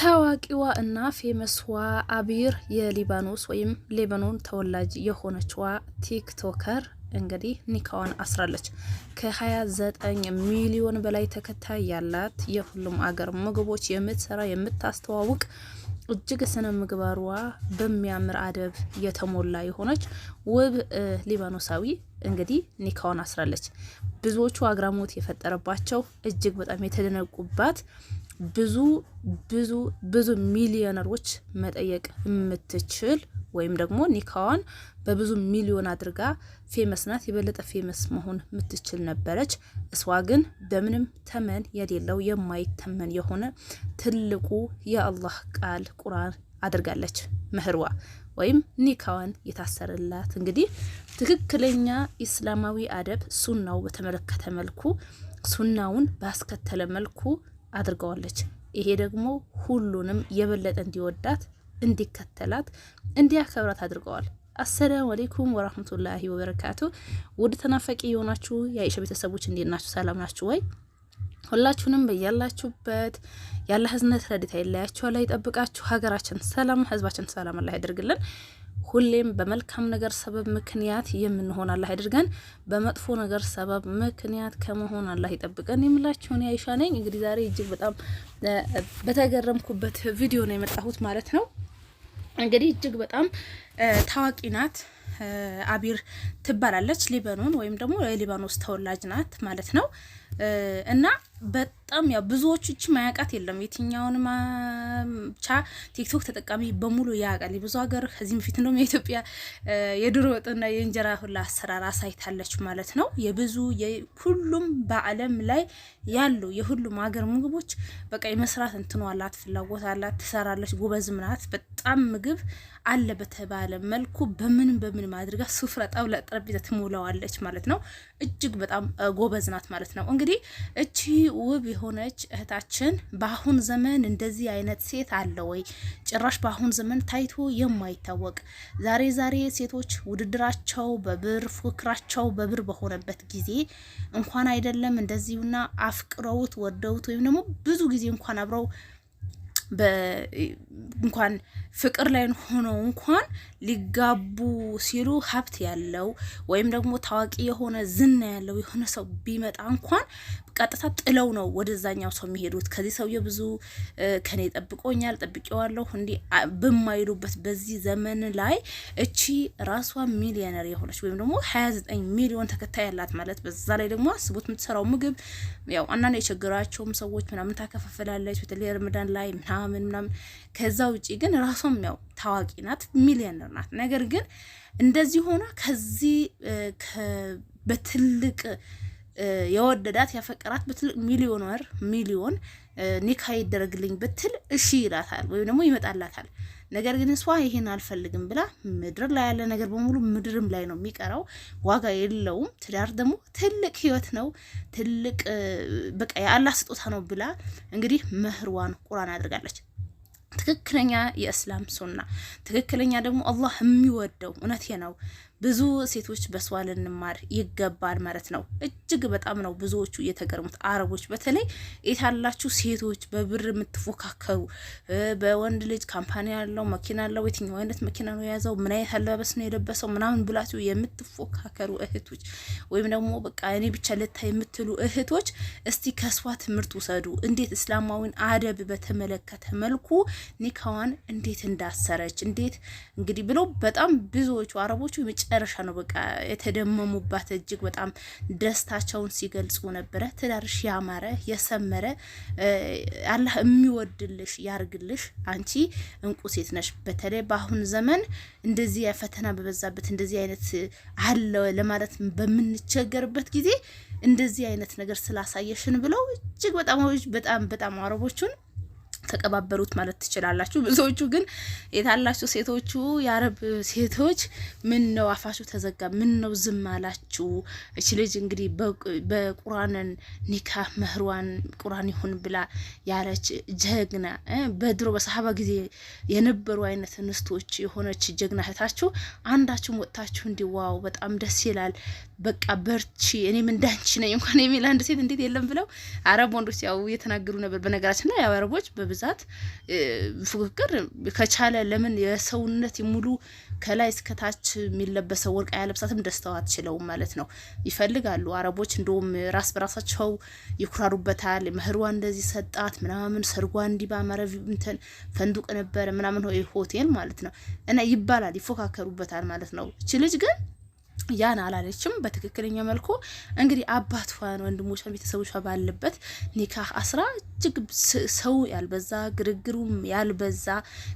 ታዋቂዋ እና ፌመስዋ አቢር የሊባኖስ ወይም ሌባኖን ተወላጅ የሆነችዋ ቲክቶከር እንግዲህ ኒካዋን አስራለች። ከ29 ሚሊዮን በላይ ተከታይ ያላት የሁሉም አገር ምግቦች የምትሰራ የምታስተዋውቅ እጅግ ስነ ምግባሯ በሚያምር አደብ የተሞላ የሆነች ውብ ሊባኖሳዊ እንግዲህ ኒካዋን አስራለች። ብዙዎቹ አግራሞት የፈጠረባቸው እጅግ በጣም የተደነቁባት ብዙ ብዙ ብዙ ሚሊዮነሮች መጠየቅ የምትችል ወይም ደግሞ ኒካዋን በብዙ ሚሊዮን አድርጋ ፌመስ ናት፣ የበለጠ ፌመስ መሆን የምትችል ነበረች። እሷ ግን በምንም ተመን የሌለው የማይተመን የሆነ ትልቁ የአላህ ቃል ቁርአን አድርጋለች መህርዋ ወይም ኒካዋን የታሰረላት። እንግዲህ ትክክለኛ ኢስላማዊ አደብ ሱናው በተመለከተ መልኩ ሱናውን ባስከተለ መልኩ አድርገዋለች። ይሄ ደግሞ ሁሉንም የበለጠ እንዲወዳት፣ እንዲከተላት፣ እንዲያከብራት አድርገዋል። አሰላሙ አሌይኩም ወራህመቱላሂ ወበረካቱ። ውድ ተናፈቂ የሆናችሁ የአይሻ ቤተሰቦች እንዴት ናችሁ? ሰላም ናችሁ ወይ? ሁላችሁንም በያላችሁበት ያለ ህዝነት ረድት ይለያችሁ፣ ላይ ይጠብቃችሁ። ሀገራችን ሰላም፣ ህዝባችን ሰላም አላህ ያደርግልን። ሁሌም በመልካም ነገር ሰበብ ምክንያት የምንሆን አላህ ያድርገን። በመጥፎ ነገር ሰበብ ምክንያት ከመሆን አላህ ይጠብቀን። የምላችሁን እኔ አይሻ ነኝ። እንግዲህ ዛሬ እጅግ በጣም በተገረምኩበት ቪዲዮ ነው የመጣሁት ማለት ነው። እንግዲህ እጅግ በጣም ታዋቂ ናት አቢር ትባላለች። ሊባኖን ወይም ደግሞ የሊባኖስ ተወላጅ ናት ማለት ነው። እና በጣም ያው ብዙዎቹ እች ማያውቃት የለም። የትኛውን ብቻ ቲክቶክ ተጠቃሚ በሙሉ ያውቃል። ብዙ ሀገር ከዚህም በፊት እንደውም የኢትዮጵያ የድሮ ወጥና የእንጀራ ሁላ አሰራር አሳይታለች ማለት ነው። የብዙ ሁሉም በዓለም ላይ ያሉ የሁሉም ሀገር ምግቦች በቃ የመስራት እንትኑ አላት፣ ፍላጎት አላት፣ ትሰራለች፣ ጎበዝም ናት። በጣም ምግብ አለ በተባለ መልኩ በምን በምን ማድረጋ ሱፍራ ጣውላ፣ ጠረጴዛ ትሞላዋለች ማለት ነው። እጅግ በጣም ጎበዝ ናት ማለት ነው እንግዲህ እንግዲህ እቺ ውብ የሆነች እህታችን በአሁን ዘመን እንደዚህ አይነት ሴት አለ ወይ? ጭራሽ በአሁን ዘመን ታይቶ የማይታወቅ ዛሬ ዛሬ ሴቶች ውድድራቸው በብር ፉክራቸው በብር በሆነበት ጊዜ እንኳን አይደለም እንደዚሁና አፍቅረውት ወደውት ወይም ደግሞ ብዙ ጊዜ እንኳን አብረው እንኳን ፍቅር ላይ ሆነው እንኳን ሊጋቡ ሲሉ ሀብት ያለው ወይም ደግሞ ታዋቂ የሆነ ዝና ያለው የሆነ ሰው ቢመጣ እንኳን ቀጥታ ጥለው ነው ወደዛኛው ሰው የሚሄዱት። ከዚህ ሰውዬ ብዙ ከኔ ጠብቆኛል፣ ጠብቄዋለሁ እንዲህ በማይሉበት በዚህ ዘመን ላይ እቺ ራሷ ሚሊዮነር የሆነች ወይም ደግሞ 29 ሚሊዮን ተከታይ ያላት ማለት በዛ ላይ ደግሞ አስቡት የምትሰራው ምግብ ያው አንዳንድ የቸገራቸውም ሰዎች ምናምን ታከፋፍላለች፣ በተለይ ረመዳን ላይ ምናምን ምናምን። ከዛ ውጪ ግን ራሷም ያው ታዋቂ ናት፣ ሚሊዮነር ናት። ነገር ግን እንደዚህ ሆና ከዚህ በትልቅ የወደዳት ያፈቀራት ብትል ሚሊዮነር ሚሊዮን ኒካ ይደረግልኝ ብትል እሺ ይላታል ወይም ደግሞ ይመጣላታል። ነገር ግን እሷ ይሄን አልፈልግም ብላ ምድር ላይ ያለ ነገር በሙሉ ምድርም ላይ ነው የሚቀረው፣ ዋጋ የለውም። ትዳር ደግሞ ትልቅ ህይወት ነው፣ ትልቅ በቃ የአላህ ስጦታ ነው ብላ እንግዲህ መህርዋን ቁራን አድርጋለች። ትክክለኛ የእስላም ሱና፣ ትክክለኛ ደግሞ አላህ የሚወደው እውነቴ ነው ብዙ ሴቶች በሷ ልንማር ይገባል ማለት ነው። እጅግ በጣም ነው ብዙዎቹ የተገረሙት። አረቦች በተለይ የታላችሁ ሴቶች በብር የምትፎካከሩ በወንድ ልጅ ካምፓኒ ያለው መኪና ያለው የትኛው አይነት መኪና ነው የያዘው፣ ምን አይነት አለባበስ ነው የለበሰው ምናምን ብላችሁ የምትፎካከሩ እህቶች ወይም ደግሞ በቃ እኔ ብቻ ልታ የምትሉ እህቶች እስቲ ከሷ ትምህርት ውሰዱ። እንዴት እስላማዊን አደብ በተመለከተ መልኩ ኒካዋን እንዴት እንዳሰረች እንዴት እንግዲህ ብሎ በጣም ብዙዎቹ አረቦቹ መጨረሻ ነው በቃ የተደመሙባት። እጅግ በጣም ደስታቸውን ሲገልጹ ነበረ። ትዳርሽ ያማረ የሰመረ አላህ የሚወድልሽ ያርግልሽ። አንቺ እንቁ ሴት ነሽ። በተለይ በአሁን ዘመን እንደዚህ ፈተና በበዛበት እንደዚህ አይነት አለ ለማለት በምንቸገርበት ጊዜ እንደዚህ አይነት ነገር ስላሳየሽን ብለው እጅግ በጣም በጣም በጣም አረቦቹን ተቀባበሩት ማለት ትችላላችሁ። ብዙዎቹ ግን የታላችሁ ሴቶቹ የአረብ ሴቶች ምን ነው አፋችሁ ተዘጋ? ምን ነው ዝም አላችሁ? እች ልጅ እንግዲህ በቁራንን ኒካህ መህሯን ቁራን ይሁን ብላ ያለች ጀግና በድሮ በሰሃባ ጊዜ የነበሩ አይነት እንስቶች የሆነች ጀግና እህታችሁ አንዳችሁም ወጥታችሁ እንዲህ ዋው በጣም ደስ ይላል፣ በቃ በርቺ፣ እኔም እንዳንቺ ነኝ እንኳን የሚል አንድ ሴት እንዴት የለም ብለው አረብ ወንዶች ያው እየተናገሩ ነበር። በነገራችን ላይ ያው አረቦች በብዙ ብዛት ፉክክር ከቻለ ለምን የሰውነት ሙሉ ከላይ እስከታች የሚለበሰው ወርቅ ያለብሳትም ደስተው አትችለውም ማለት ነው። ይፈልጋሉ አረቦች እንደውም ራስ በራሳቸው ይኩራሩበታል። መህሯ እንደዚህ ሰጣት ምናምን፣ ሰርጓ እንዲህ ባማረ እንትን ፈንዱቅ ነበረ ምናምን ሆቴል ማለት ነው እና ይባላል፣ ይፎካከሩበታል ማለት ነው። እቺ ልጅ ግን ያን አላለችም። በትክክለኛ መልኩ እንግዲህ አባቷን ወንድሞቿን ቤተሰቦቿ ባለበት ኒካህ አስራ እጅግ ሰው ያልበዛ ግርግሩም ያልበዛ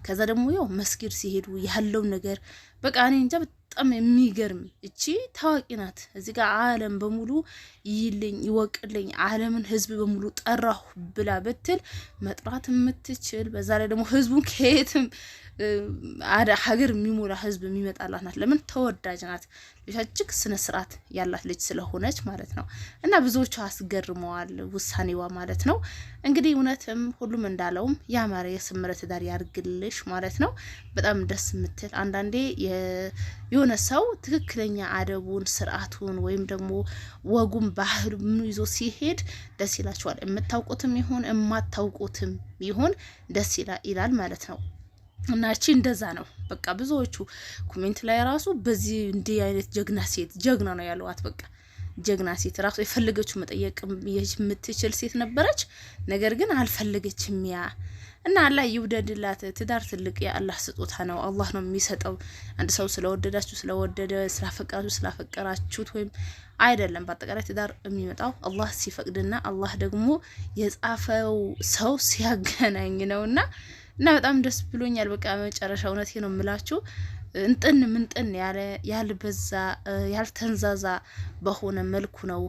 ከዛ ደግሞ ያው መስጊድ ሲሄዱ ያለው ነገር በቃ እኔ እንጃ በጣም የሚገርም እቺ ታዋቂ ናት። እዚህ ጋር አለም በሙሉ ይይልኝ ይወቅልኝ፣ አለምን ህዝብ በሙሉ ጠራሁ ብላ ብትል መጥራት የምትችል በዛ ላይ ደግሞ ህዝቡን ከየትም ሀገር የሚሞላ ህዝብ የሚመጣላት ናት። ለምን ተወዳጅ ናት። እጅግ ስነ ስርዓት ያላት ልጅ ስለሆነች ማለት ነው እና ብዙዎቹ አስገርመዋል ውሳኔዋ ማለት ነው። እንግዲህ እውነትም ሁሉም እንዳለውም ያማረ የሰመረ ትዳር ያርግልሽ ማለት ነው። በጣም ደስ የምትል አንዳንዴ የሆነ ሰው ትክክለኛ አደቡን ስርዓቱን ወይም ደግሞ ወጉን ምኑ ይዞ ሲሄድ ደስ ይላቸዋል የምታውቁትም ይሁን የማታውቁትም ይሁን ደስ ይላል ማለት ነው። እና እቺ እንደዛ ነው በቃ ብዙዎቹ ኮሜንት ላይ ራሱ በዚህ እንዲህ አይነት ጀግና ሴት ጀግና ነው ያለዋት በቃ ጀግና ሴት ራሱ የፈለገችው መጠየቅ የምትችል ሴት ነበረች። ነገር ግን አልፈለገችም። ያ እና አላህ ይውደድላት። ትዳር ትልቅ የአላህ ስጦታ ነው፣ አላህ ነው የሚሰጠው። አንድ ሰው ስለወደዳችሁ ስለወደደ ስላፈቀራችሁ ስላፈቀራችሁት ወይም አይደለም። በአጠቃላይ ትዳር የሚመጣው አላህ ሲፈቅድና አላህ ደግሞ የጻፈው ሰው ሲያገናኝ ነውና እና በጣም ደስ ብሎኛል። በቃ መጨረሻ እውነት ነው የምላችሁ እንጥን ምንጥን ያለ ያልበዛ ያልተንዛዛ በሆነ መልኩ ነው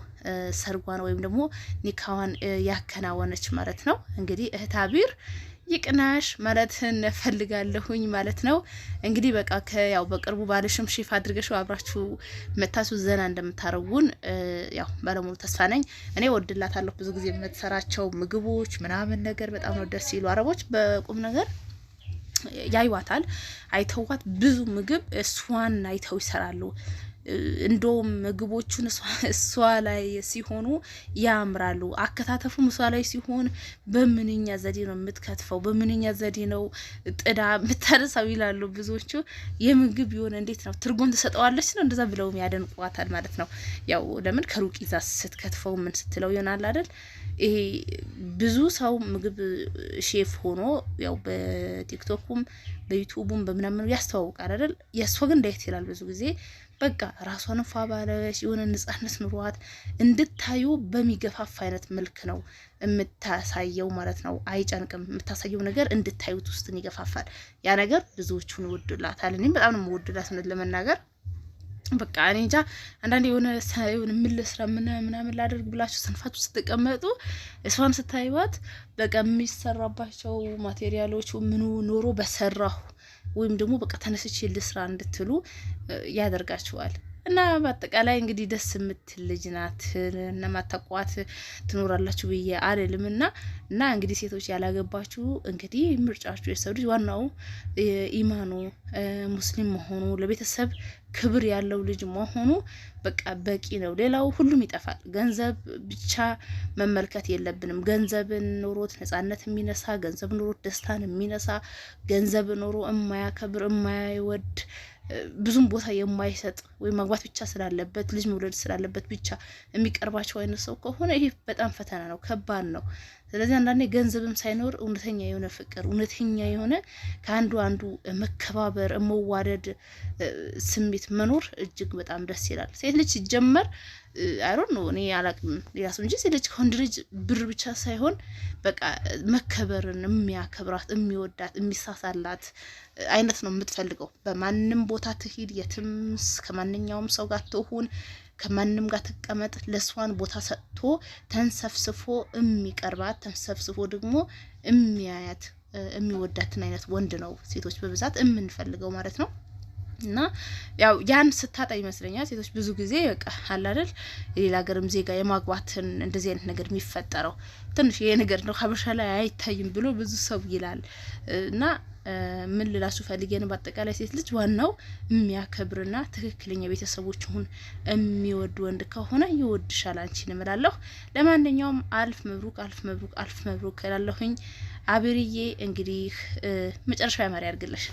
ሰርጓን ወይም ደግሞ ኒካዋን ያከናወነች ማለት ነው። እንግዲህ እህት አቢር ይቅናሽ ማለትን ፈልጋለሁኝ ማለት ነው። እንግዲህ በቃ ያው በቅርቡ ባለሽም ሺፍ አድርገሽው አብራችሁ መታችሁ ዘና እንደምታረጉን ያው ባለሙሉ ተስፋ ነኝ። እኔ ወድላታለሁ። ብዙ ጊዜ የምትሰራቸው ምግቦች ምናምን ነገር በጣም ነው ደስ ይሉ። አረቦች በቁም ነገር ያይዋታል አይተዋት ብዙ ምግብ እሷን አይተው ይሰራሉ። እንደውም ምግቦቹን እሷ ላይ ሲሆኑ ያምራሉ። አከታተፉም እሷ ላይ ሲሆን በምንኛ ዘዴ ነው የምትከትፈው፣ በምንኛ ዘዴ ነው ጥዳ የምታነሳው ይላሉ ብዙዎቹ። የምግብ የሆነ እንዴት ነው ትርጉም ትሰጠዋለች ነው እንደዛ ብለውም ያደንቋታል ማለት ነው። ያው ለምን ከሩቅ ይዛ ስትከትፈው ምን ስትለው ይሆናል አይደል? ይሄ ብዙ ሰው ምግብ ሼፍ ሆኖ ያው በቲክቶኩም በዩቱቡም በምናምኑ ያስተዋውቃል አይደል? የእሷ ግን እንዳየት ይላል ብዙ ጊዜ በቃ ራሷን ፏ ባለች የሆነ ነጻነት ኑሯት እንድታዩ በሚገፋፍ አይነት መልክ ነው የምታሳየው ማለት ነው። አይጨንቅም። የምታሳየው ነገር እንድታዩት ውስጥን ይገፋፋል። ያ ነገር ብዙዎቹን ይወዱላታል። እኔም በጣም ነው የምወዱላት ለመናገር በቃ እኔ እንጃ አንዳንድ የሆነ የሆነ ምል ስራ ምን ልስራ ምናምን ላደርግ ብላችሁ ውስጥ ስትቀመጡ እሷን ስታይዋት በቃ የሚሰራባቸው ማቴሪያሎቹ ምኑ ኖሮ በሰራሁ ወይም ደግሞ በቃ ተነስቼ ልስራ እንድትሉ ያደርጋችኋል። እና በአጠቃላይ እንግዲህ ደስ የምትል ልጅ ናት። እነማታቋት ትኖራላችሁ ብዬ አልልም እና እና እንግዲህ ሴቶች ያላገባችሁ እንግዲህ ምርጫችሁ የሰው ልጅ ዋናው ኢማኑ ሙስሊም መሆኑ ለቤተሰብ ክብር ያለው ልጅ መሆኑ በቃ በቂ ነው። ሌላው ሁሉም ይጠፋል። ገንዘብ ብቻ መመልከት የለብንም። ገንዘብን ኖሮት ነጻነት የሚነሳ ገንዘብ ኖሮት ደስታን የሚነሳ ገንዘብ ኖሮ የማያከብር የማይወድ ብዙም ቦታ የማይሰጥ ወይም ማግባት ብቻ ስላለበት ልጅ መውለድ ስላለበት ብቻ የሚቀርባቸው አይነት ሰው ከሆነ ይህ በጣም ፈተና ነው፣ ከባድ ነው። ስለዚህ አንዳንዴ ገንዘብም ሳይኖር እውነተኛ የሆነ ፍቅር፣ እውነተኛ የሆነ ከአንዱ አንዱ መከባበር፣ መዋደድ ስሜት መኖር እጅግ በጣም ደስ ይላል። ሴት ልጅ ሲጀመር አይሮን ነው እኔ አላቅም ሌላ ሰው እንጂ ሴት ልጅ ከወንድ ልጅ ብር ብቻ ሳይሆን በቃ መከበርን የሚያከብራት የሚወዳት የሚሳሳላት አይነት ነው የምትፈልገው። በማንም ቦታ ትሂድ፣ የትም ከማንኛውም ሰው ጋር ትሁን ከማንም ጋር ትቀመጥ ለእሷን ቦታ ሰጥቶ ተንሰፍስፎ የሚቀርባት ተንሰፍስፎ ደግሞ የሚያያት የሚወዳትን አይነት ወንድ ነው ሴቶች በብዛት የምንፈልገው ማለት ነው። እና ያው ያን ስታጣ ይመስለኛል ሴቶች ብዙ ጊዜ በቃ አላደል የሌላ ሀገርም ዜጋ የማግባትን እንደዚህ አይነት ነገር የሚፈጠረው ትንሽ ይሄ ነገር ነው ሀበሻ ላይ አይታይም ብሎ ብዙ ሰው ይላል እና ምን ልላችሁ ፈልጌ ነው፣ በአጠቃላይ ሴት ልጅ ዋናው የሚያከብርና ትክክለኛ ቤተሰቦችሁን የሚወድ ወንድ ከሆነ ይወድሻል አንቺ እምላለሁ። ለማንኛውም አልፍ መብሩክ፣ አልፍ መብሩክ፣ አልፍ መብሩክ እላለሁኝ። አብርዬ እንግዲህ መጨረሻ ያማረ ያድርግልሽ።